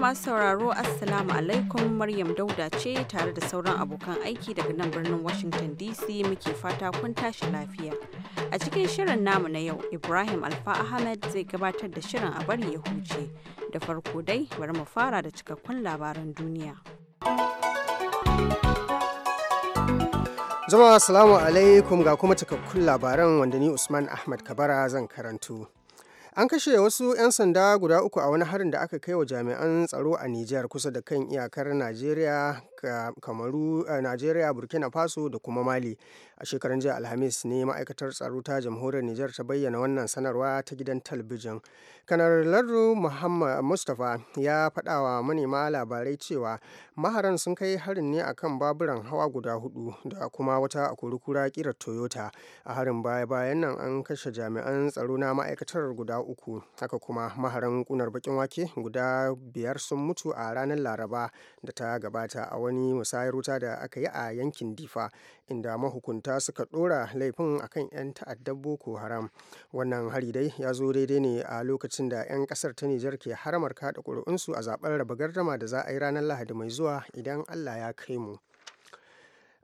masu sauraro Assalamu alaikum Maryam Dauda ce tare da sauran abokan aiki daga nan birnin Washington DC muke fata kun tashi lafiya. A cikin shirin namu na yau, Ibrahim Alfa Ahmed zai gabatar da shirin a bari ya huce. Da farko dai, bari mu fara da cikakkun labaran duniya. Jama'a Assalamu alaikum ga kuma cikakkun labaran wanda ni Usman Ahmad Kabara zan karantu. An kashe wasu 'yan sanda guda uku a wani harin da aka kai wa jami'an tsaro a Nijar kusa da kan iyakar Najeriya kamaru eh, nigeria burkina faso da kuma mali a shekaran jiya alhamis ne ma'aikatar tsaro ta jamhuriyar niger ta bayyana wannan sanarwa ta gidan talabijin kanar lardu muhammad mustapha ya faɗa manema labarai cewa maharan sun kai harin ne akan baburan hawa guda hudu da kuma wata akurukura kirar toyota a harin baya bayan nan an kashe jami'an tsaro na ma'aikatar guda uku haka kuma maharan kunar bakin wake guda biyar sun mutu a ranar laraba da ta gabata a wani wani musayar wuta da aka yi a yankin difa inda mahukunta suka ɗora laifin akan 'yan ta'addar boko haram wannan hari dai ya zo daidai ne a lokacin da 'yan ƙasar ta nijar ke haramar kaɗa ƙuri'unsu a zaɓen raba gardama da za a yi ranar lahadi mai zuwa idan allah ya kai mu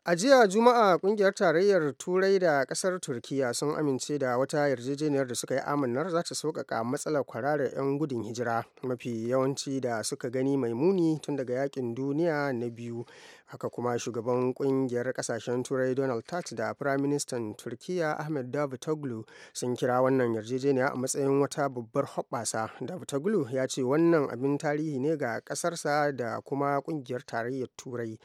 A jiya Juma'a kungiyar tarayyar Turai da kasar Turkiyya sun amince da wata yarjejeniyar da suka yi amannar za ta sauƙaƙa matsalar kwararar 'yan gudun hijira mafi yawanci da suka gani mai muni tun daga yakin duniya na biyu. Haka kuma shugaban kungiyar ƙasashen Turai Donald Tusk da Firaministan Turkiyya Ahmed Davutoglu sun kira wannan yarjejeniya a matsayin wata babbar hoɓɓasa. Davutoglu ya ce wannan abin tarihi ne ga ƙasarsa da kuma kungiyar tarayyar Turai.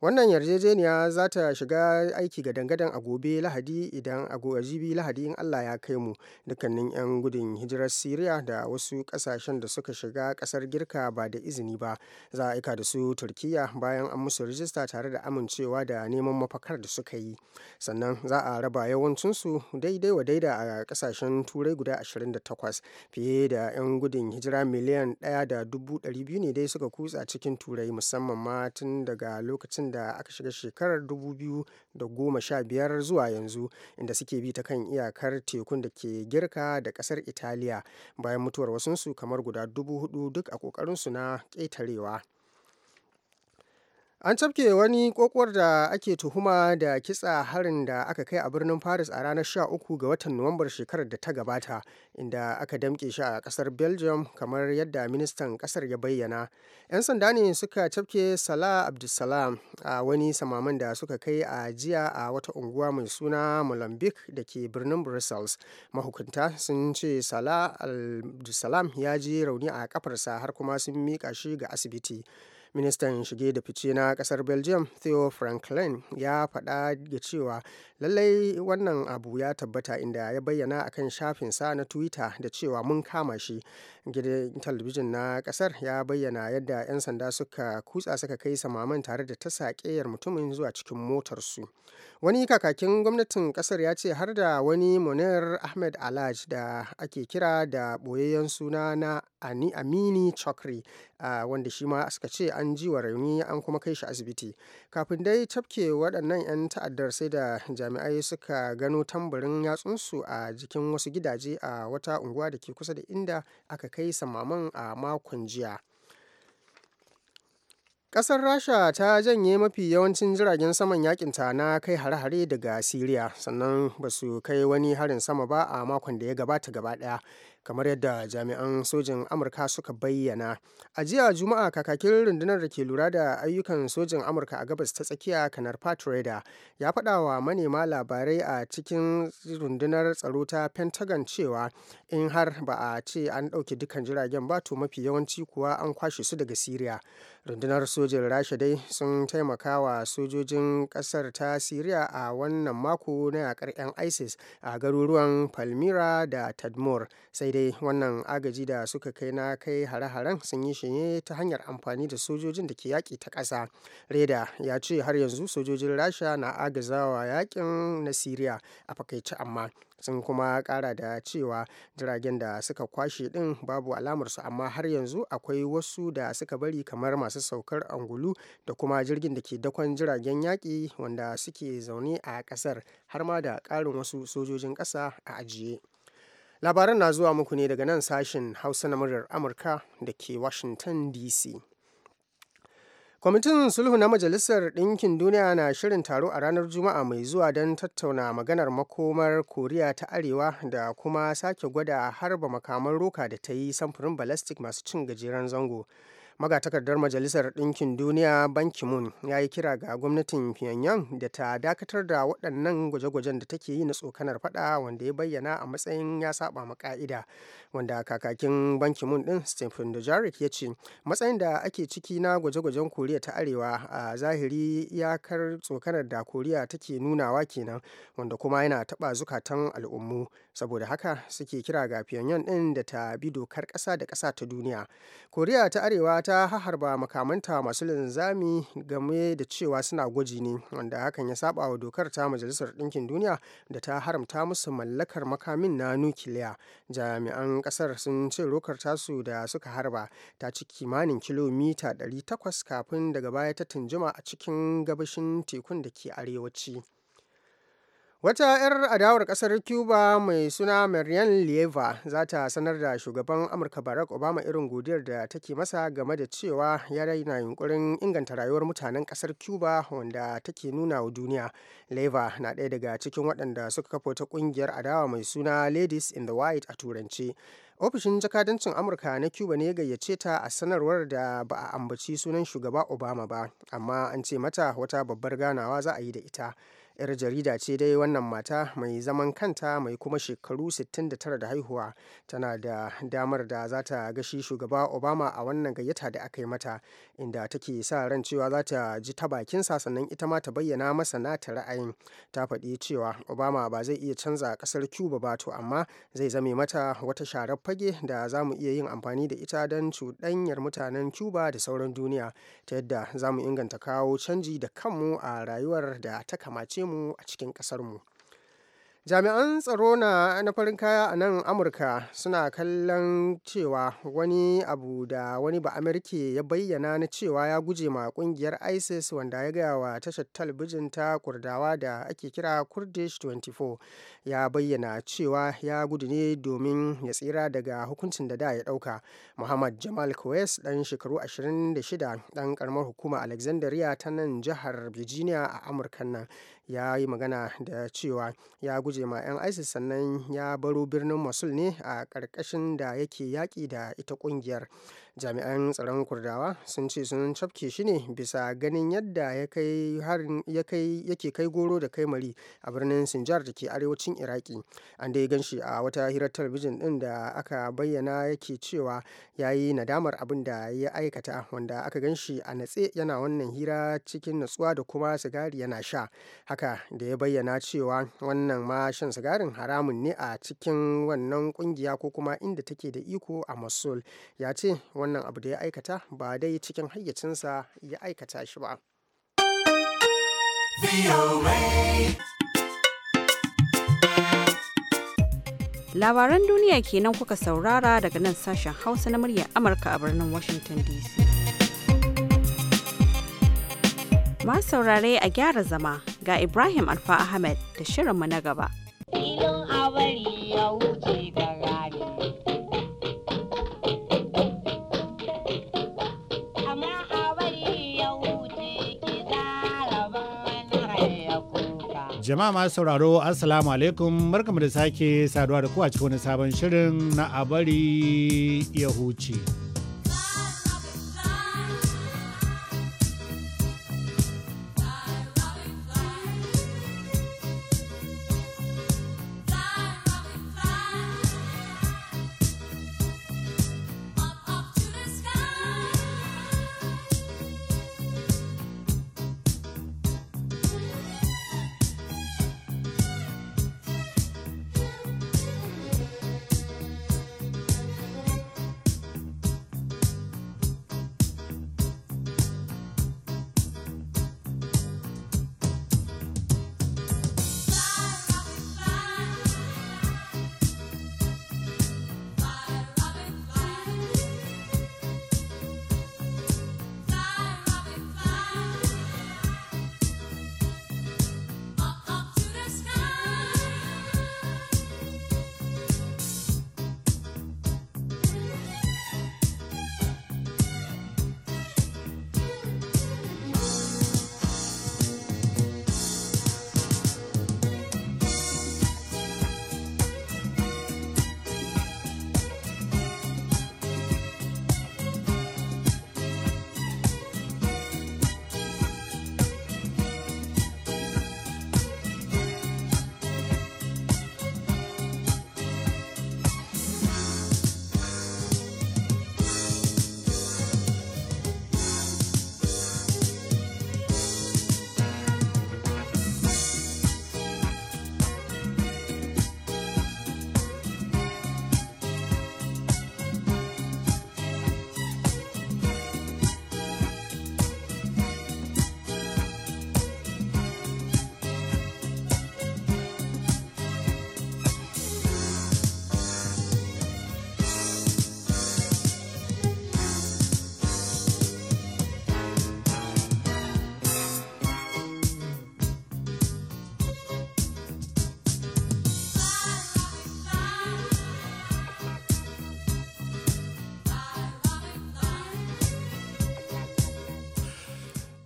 wannan yarjejeniya za ta shiga aiki ga dangadan a gobe lahadi idan a jibi lahadi in allah ya kai mu dukkanin 'yan gudun hijirar syria da wasu kasashen da suka shiga kasar girka ba da izini ba za a aika da su turkiya bayan an musu rijista tare da amincewa da neman mafakar da suka yi sannan za a raba yawancinsu daidai wa daida a kasashen turai guda 28 fiye da 'yan gudun hijira miliyan 1.2 ne dai suka kutsa cikin turai musamman ma tun daga lokacin lokacin da aka shiga shekarar 2015 zuwa yanzu inda suke bi ta kan iyakar tekun da ke girka da kasar italiya bayan mutuwar wasunsu kamar guda dubu hudu duk a kokarinsu na ƙetarewa An cafke wani kokowar da ake tuhuma da kitsa harin da aka kai a birnin Paris a ranar 13 ga watan Nuwambar shekarar da ta gabata, inda aka damƙe shi a ƙasar Belgium kamar yadda ministan ƙasar ya bayyana. 'Yan sanda ne suka cafke Salah Abdulsalam a wani samaman da suka kai a jiya a wata unguwa mai suna Molambique da ke birnin Brussels. Mahukunta sun ce Salah Abdulsalam ya ji rauni a kafarsa har kuma sun miƙa shi ga asibiti. ministan shige da fice na kasar belgium theo franklin ya faɗa da cewa lallai wannan abu ya tabbata inda ya bayyana akan sa na twitter da cewa mun kama shi gidan talabijin na kasar ya bayyana yadda 'yan sanda suka kutsa suka kai samaman tare da tasa ƙeyar mutumin zuwa cikin motarsu wani kakakin gwamnatin kasar ya ce har da wani munir ahmed alaj da ake kira da boyayen suna na amini chokri wanda shi ma suka ce an ji wa rauni an kuma kai shi asibiti kafin dai tafke waɗannan 'yan ta'addar sai da jami'ai suka gano tambarin yatsunsu a jikin wasu gidaje a wata unguwa da ke kusa da inda aka kai samaman a makon jiya Ƙasar Rasha ta janye mafi yawancin jiragen saman yakinta na kai hare-hare daga Siriya, sannan ba su kai wani harin sama ba a makon da ya gabata gaba ɗaya. kamar yadda jami'an sojin amurka suka bayyana a jiya juma'a kakakin rundunar da ke lura da ayyukan sojin amurka a gabas ta tsakiya kanar pat ya faɗa wa manema labarai a cikin rundunar tsaro ta pentagon cewa in har ba a ce an ɗauke dukkan jiragen ba to mafi yawanci kuwa an kwashe su daga syria rundunar sojin rasha dai sun taimaka wa sojojin kasar ta Syria a wannan mako na yakar 'yan isis a garuruwan palmyra da tadmor sai dai wannan agaji da suka kai na kai hare-haren sun yi shi ta hanyar amfani da sojojin da ke yaƙi ta ƙasa reda ya ce har yanzu sojojin rasha na agazawa yaƙin na Syria a fakaice amma sun kuma kara da cewa jiragen da suka kwashe din babu alamarsu amma har yanzu akwai wasu da suka bari kamar masu saukar angulu da kuma jirgin da ke dakon jiragen yaƙi wanda suke zaune a ƙasar har ma da ƙarin wasu sojojin ƙasa a ajiye labaran na zuwa muku ne daga nan sashen hausa na muryar amurka da ke washington dc Kwamitin Sulhu na Majalisar Ɗinkin Duniya na shirin taro a ranar Juma'a mai zuwa don tattauna maganar makomar Koriya ta Arewa da kuma sake gwada harba makaman roka da ta yi samfurin balastik masu cin gajeren zango. magatakardar majalisar ɗinkin duniya ban ki-moon ya yi kira ga gwamnatin pyongyang da ta dakatar da waɗannan gwaje-gwajen da take yi na tsokanar fada wanda ya bayyana a matsayin ya saba ma ka'ida wanda kakakin ban ki-moon ɗin stephen dujarric ya ce matsayin da ake ciki na gwaje-gwajen koriya ta arewa a zahiri iyakar tsokanar da koriya take nunawa kenan wanda kuma yana taɓa zukatan al'ummu saboda haka suke kira ga pyongyang ɗin da ta bi dokar ƙasa da ƙasa ta duniya koriya ta arewa ta haharba makamanta masu linzami game da cewa suna gwaji ne wanda hakan ya saba wa dokar ta majalisar ɗinkin duniya da ta haramta musu mallakar makamin na nukiliya jami'an ƙasar sun ce rokar tasu da suka harba ta ci kimanin kilomita 800 kafin daga baya ta tunjima a cikin gabashin tekun da ke arewaci Wata 'yar adawar ƙasar Cuba mai suna Marian leva za ta sanar da shugaban Amurka Barack Obama irin godiyar da take masa game da cewa ya raina yunkurin inganta rayuwar mutanen ƙasar Cuba wanda take nuna wa duniya. leva na ɗaya daga cikin waɗanda suka kafa wata ƙungiyar adawa mai suna Ladies in the White a Turance. ofishin jakadancin amurka na cuba ne gayyace ta a sanarwar da ba a ambaci sunan shugaba obama ba amma an ce mata wata babbar ganawa za a yi da ita 'yar jarida ce dai wannan mata mai zaman kanta mai kuma shekaru 69 da haihuwa tana da damar da za ta gashi shugaba obama a wannan gayyata da aka yi mata inda take sa ran cewa za ta ji ta bakinsa sannan ita ma ta bayyana masa na ta ra'ayin ta faɗi cewa obama ba zai iya canza ƙasar cuba ba to amma zai zame mata wata sharar fage da za mu iya yin amfani da ita don cuɗanyar mutanen cuba da sauran duniya ta yadda za mu inganta kawo canji da kanmu a rayuwar da ta kamace mu a cikin ƙasarmu. jami'an tsaro na farin kaya a nan amurka suna kallon cewa wani abu da wani ba amurke ya bayyana na cewa ya guje ma kungiyar isis wanda ya gaya wa tashar talabijin ta kurdawa da ake kira kurdish 24 ya bayyana cewa ya gudu ne domin ya tsira daga hukuncin da da ya dauka muhammad jamal kwes dan shekaru 26 dan karamar hukuma alexandria ta nan jihar virginia a amurkan nan ya yi magana da cewa ya guje ma 'yan isis sannan ya baro birnin mosul ne a ƙarƙashin da yake yaƙi da ita ƙungiyar jami'an tsaron kurdawa sun ce sun cafke shi ne bisa ganin yadda ya kai kai goro da kai mari a birnin sinjar da ke arewacin iraki an dai gan shi a wata hirar talabijin din da aka bayyana yake cewa ya yi nadamar abin da ya aikata wanda aka gan shi a natse yana wannan hira cikin natsuwa da kuma sigari yana sha haka da ya bayyana cewa wannan ma shan sigarin haramun ne a cikin wannan kungiya ko kuma inda take da iko a mosul ya ce wannan abu da ya aikata ba dai cikin hayyacinsa ya aikata shi ba. Labaran duniya kenan kuka saurara daga nan sashen Hausa na muryar Amurka a birnin Washington DC. Ma saurare a gyara zama ga Ibrahim Alfa Ahmed da shirin mu na gaba. Ilin ya wuce gara. Jama'a masu sauraro Assalamu alaikum barkamu da sake saduwa da ku wani sabon shirin na abari ya huce.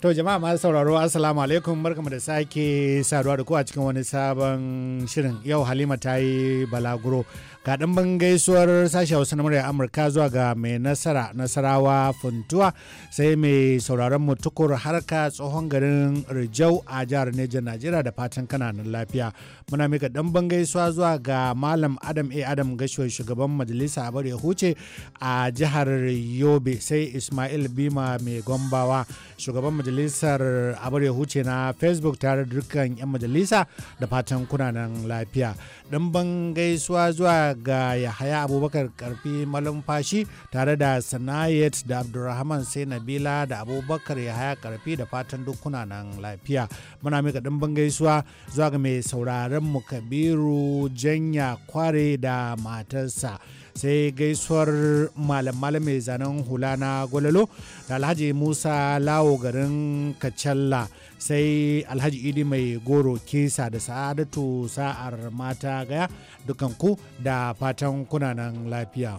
To jama'a masu sauraro assalamu alaikum barkamu da sake saduwa da ku a cikin wani sabon shirin yau Halima ta yi balaguro ga ɗimbin gaisuwar sashi hausa na murya amurka zuwa ga mai nasara nasarawa funtuwa sai mai sauraron mu tukur harka tsohon garin rijau a jihar neja najeriya da fatan kananan lafiya muna mika ɗan gaisuwa zuwa ga malam adam a adam gashiwa shugaban majalisa a bari huce a jihar yobe sai ismail bima mai gombawa shugaban majalisar a ya huce na facebook tare da dukkan 'yan majalisa da fatan kunanan lafiya ɗan gaisuwa zuwa ga Yahaya Abubakar Karfi Malumfashi tare da Sanayet da Abdulrahman sai Nabila da Abubakar Yahaya Karfi da fatan dukuna nan lafiya. Muna mika dimbin gaisuwa zuwa ga mai sauraron mu Kabiru Janya Kware da matarsa. sai gaisuwar malam-malam mai zanen hula na gwalalo da alhaji musa lawo garin kacalla sai alhaji idi mai goro kesa da sa'adatu sa'ar mata gaya dukanku da fatan kunanan lafiya.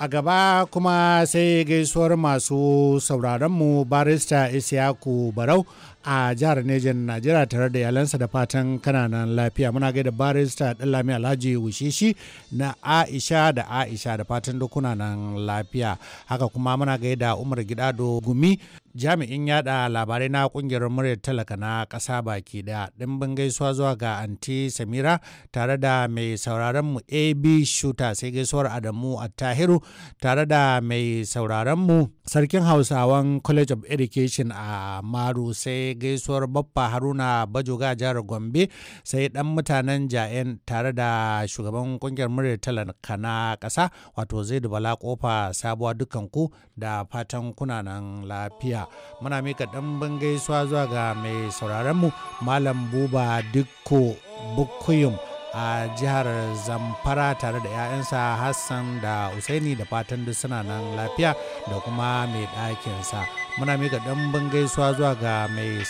a gaba kuma sai gaisuwar masu sauraronmu barista Isiyaku Barau a jihar Nejan Najeriya tare da yalansa da fatan kananan lafiya. Muna gaida barista Lami Alhaji Wushishi na Aisha da Aisha da fatan dukuna nan lafiya. Haka kuma muna gaida Umar Gidado Gumi jami'in yada labarai na kungiyar muryar talaka na ƙasa baki daya ɗimbin gaisuwa zuwa ga anti samira tare da mai sauraronmu ab shuta sai gaisuwar adamu tahiru tare da mai sauraronmu sarkin hausawan college of education a maru sai gaisuwar baffa haruna bajoga jihar gombe sai ɗan mutanen ja'en tare da shugaban kungiyar muryar talaka na ƙasa wato zaidu bala kofa sabuwa dukanku da fatan kuna nan lafiya muna mika ɗan gaisuwa zuwa ga mai mu. malam buba dukko bukuyum a jihar zamfara tare da 'ya'yansa hassan da usaini da fatan duk suna nan lafiya da kuma mai ɗakinsa muna mika ɗan gaisuwa zuwa ga mai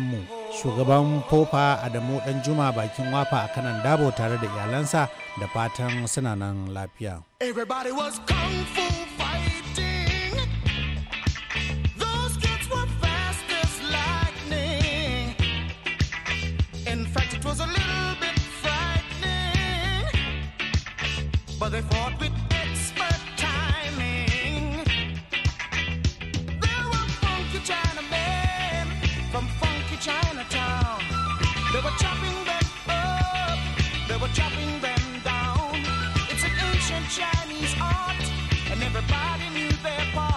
mu. shugaban fofa adamu dan juma bakin wafa a kanan dabo tare da iyalansa da fatan suna nan lafiya they fought with expert timing. There were funky Chinamen from funky Chinatown. They were chopping them up, they were chopping them down. It's an ancient Chinese art, and everybody knew their part.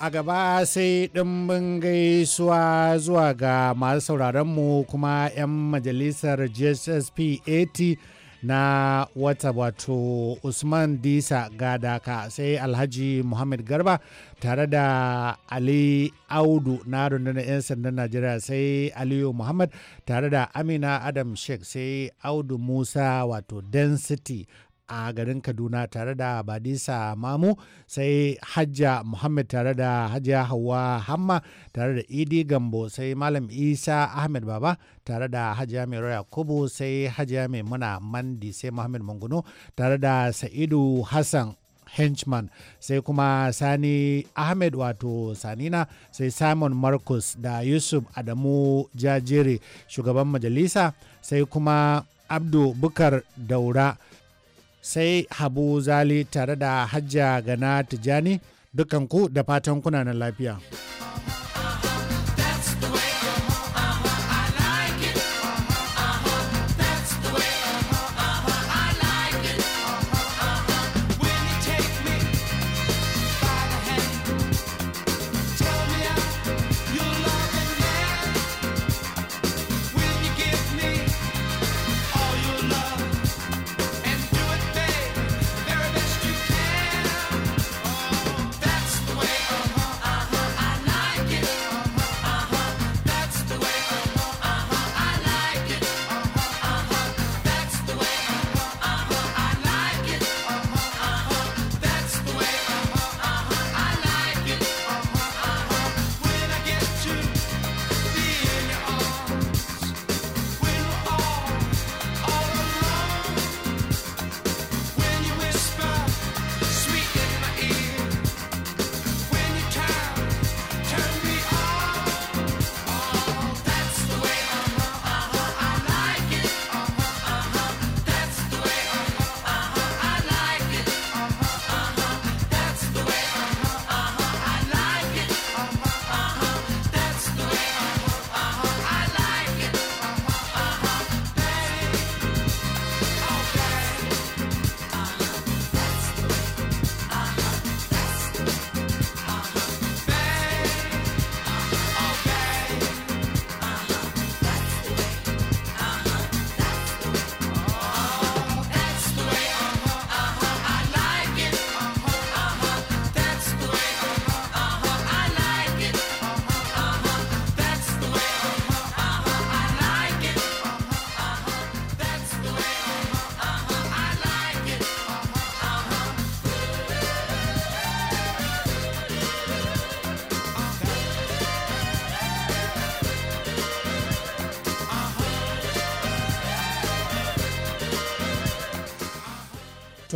a gaba sai ɗimbin gaisuwa zuwa ga masu sauraronmu kuma 'yan majalisar gssp 80 na wata wato usman disa gadaka sai alhaji muhammad garba tare da ali audu na rundunar 'yan sandan najeriya sai aliyu muhammad tare da amina adam sheikh sai audu musa wato density a garin kaduna tare da badisa mamu sai hajja muhammad tare da hajja hawa hamma tare da idi gambo sai malam isa ahmed baba tare da hajja mai roya kubu sai hajja mai muna mandi sai muhammad manguno tare da sa'idu hassan henchman sai kuma sani ahmed wato sanina sai simon marcus da yusuf adamu jajiri shugaban majalisa sai kuma abdu bukar daura sai habu zali tare da hajja gana tijani dukanku da fatan kuna nan lafiya.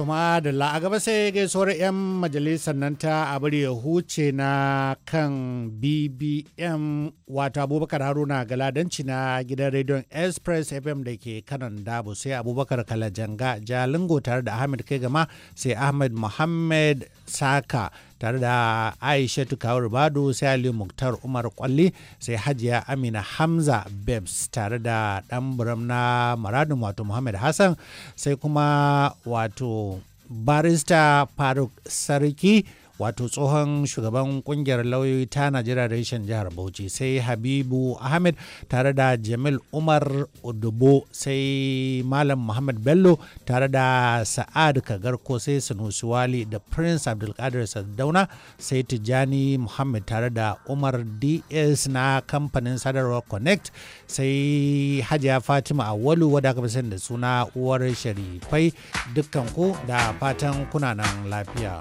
To da a gaba sai gaisuwar 'yan majalisar nan ta abar ya huce na kan BBM wato Abubakar Haruna Galadanci na gidan rediyon Express FM da ke kanan dabu sai Abubakar Kalajanga Jalingo tare da Ahmed Kai gama sai Ahmed Muhammad Saka. tare da aishatu kawar bado sai ali muktar umar kwalli sai hajiya amina hamza bebs tare da ɗan buram na maradin wato muhammad hassan sai kuma wato barista faruk sarki wato tsohon shugaban kungiyar lauyoyi ta najeriya reshen jihar bauchi sai habibu ahmed tare da jamil umar odubo sai malam muhammad bello tare da sa'ad kagarko sai sanusi wali da prince abdulkadir sardauna sai Tijani muhammad tare da umar ds na kamfanin sadarwar connect sai hajiya fatima awalu wadda aka fi da suna uwar sharifai dukkan ku da fatan kunanan lafiya.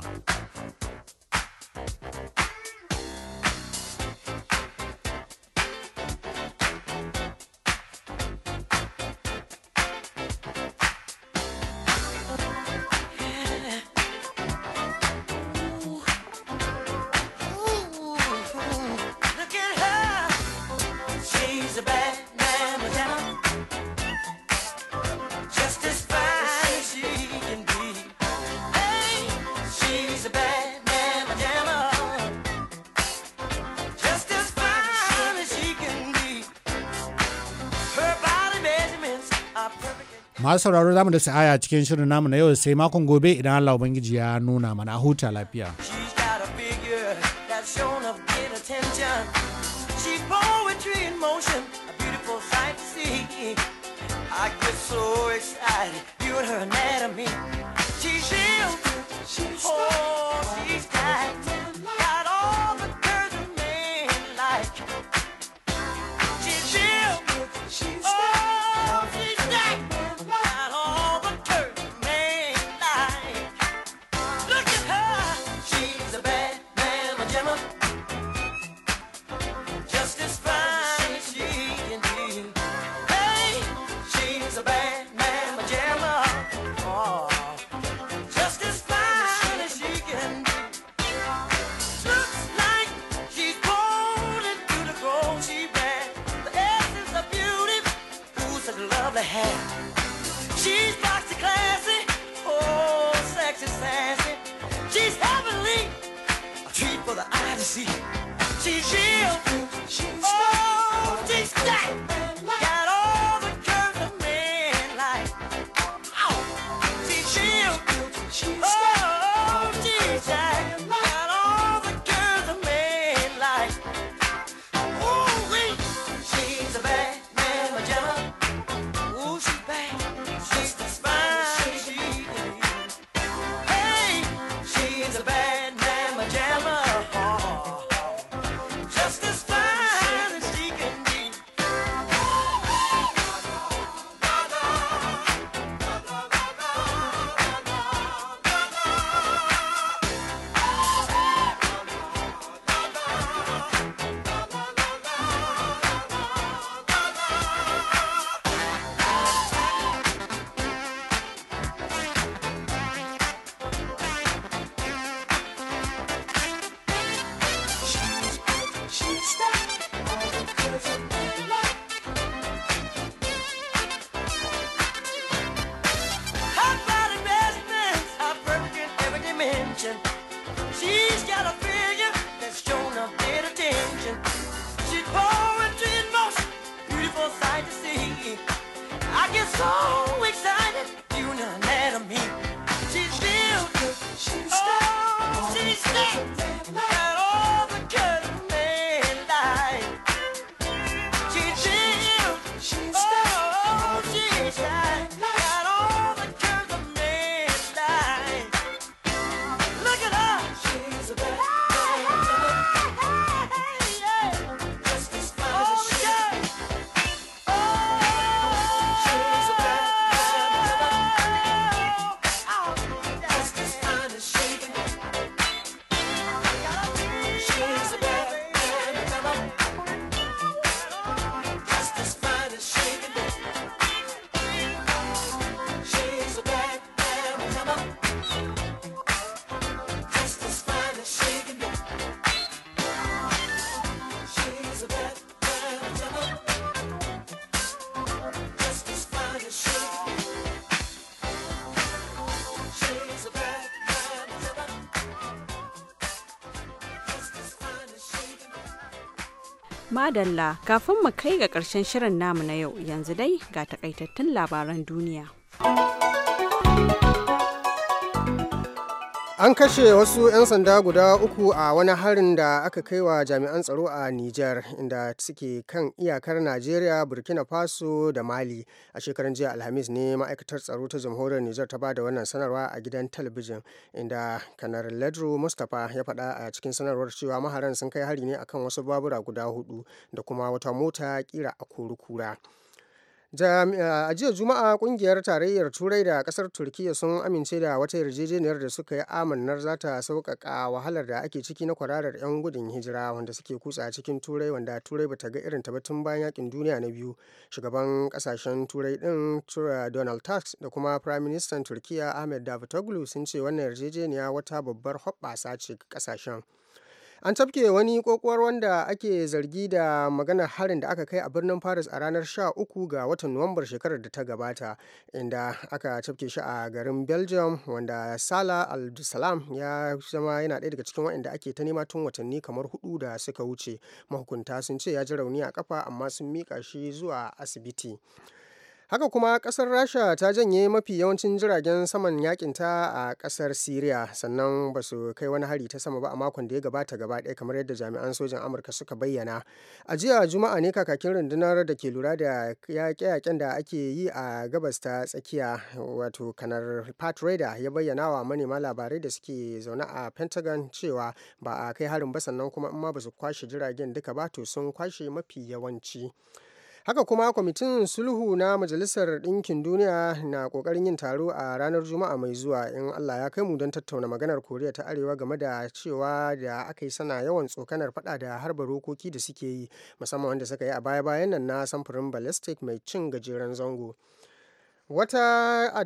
masu sauraro zamu da sa'aya cikin shirin namu na yau sai makon gobe idan Allah ubangiji ya nuna mana huta lafiya I get so excited viewing her anatomy. She's ill, she's oh, she's tight. September. Madalla kafin mu kai ga ƙarshen shirin namu na yau yanzu dai ga takaitattun labaran duniya. An kashe wasu 'yan sanda guda uku a wani harin da aka kai wa jami'an tsaro a Nijar inda suke kan iyakar Najeriya, Burkina Faso da Mali. A shekaran jiya Alhamis ne ma'aikatar tsaro ta jamhuriyar Nijar ta bada wannan sanarwa a gidan talabijin inda kanar Ledro Mustapha ya faɗa a cikin sanarwar cewa maharan sun kai hari ne akan wasu babura guda hudu da kuma wata mota kira a kura a jiya juma'a kungiyar tarayyar turai da kasar turkiya sun amince da wata yarjejeniyar da suka yi amannar za ta sauƙaƙa wahalar da ake ciki na kwararar 'yan gudun hijira wanda suke kutsa cikin turai wanda turai bata ga irin ta tun bayan yakin duniya na biyu shugaban kasashen turai din donald tusk da kuma prime minister turkiya ahmed davutoglu sun ce wannan yarjejeniya wata babbar hoɓɓasa ce ga kasashen An cafke wani kokowar wanda ake zargi da maganar harin da aka kai a birnin Paris a ranar 13 ga watan Nuwambar shekarar da ta gabata, inda aka cafke shi a garin Belgium wanda sala Al-Salam ya zama yana ɗaya daga cikin waɗanda ake ta nema tun watanni kamar hudu da suka wuce. Mahukunta sun ce ya ji rauni a kafa amma sun miƙa shi zuwa asibiti. haka kuma kasar rasha ta janye mafi yawancin jiragen saman yakinta a kasar siriya sannan ba su kai wani hari ta sama ba a makon da ya gabata gaba ɗaya kamar yadda jami'an sojan amurka suka bayyana a jiya juma'a ne kakakin rundunar da ke lura da yaƙe-yaƙen da ake yi a gabas ta tsakiya wato kanar pat Raider ya bayyana wa manema labarai da suke zaune a pentagon cewa ba a kai harin ba sannan kuma in ma ba su kwashe jiragen duka ba to sun kwashe mafi yawanci. Haka kuma kwamitin sulhu na Majalisar Ɗinkin Duniya na ƙoƙarin yin taro a ranar Juma'a mai zuwa in Allah ya kai mu don tattauna maganar Koriya ta Arewa game da cewa da aka yi sana yawan tsokanar fada da harba rokoki da suke yi musamman wanda suka yi a baya-bayan nan na samfurin ballistic mai cin gajeren zango. Wata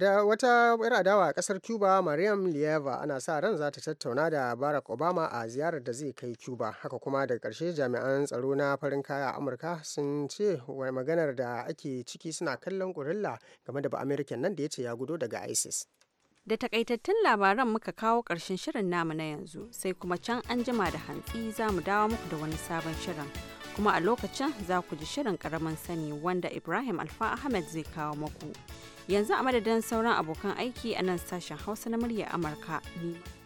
‘yar adawa a kasar Cuba, Mariam lieva ana sa ran za ta tattauna da Barack Obama a ziyarar da zai kai Cuba. Haka kuma daga karshe jami'an tsaro na farin kaya a Amurka sun ce maganar da ake ciki suna kallon ƙurilla game da ba American nan da ya ce ya gudo daga ISIS. Da takaitattun labaran muka kawo ƙarshen shirin namu na yanzu, sai kuma can an jima da hantsi za mu dawo muku da wani sabon shirin. Kuma a lokacin za ku ji shirin karamin sani wanda Ibrahim Alfa Ahmed zai kawo muku. yanzu a madadin sauran abokan aiki a nan sashen hausa na murya amurka ne.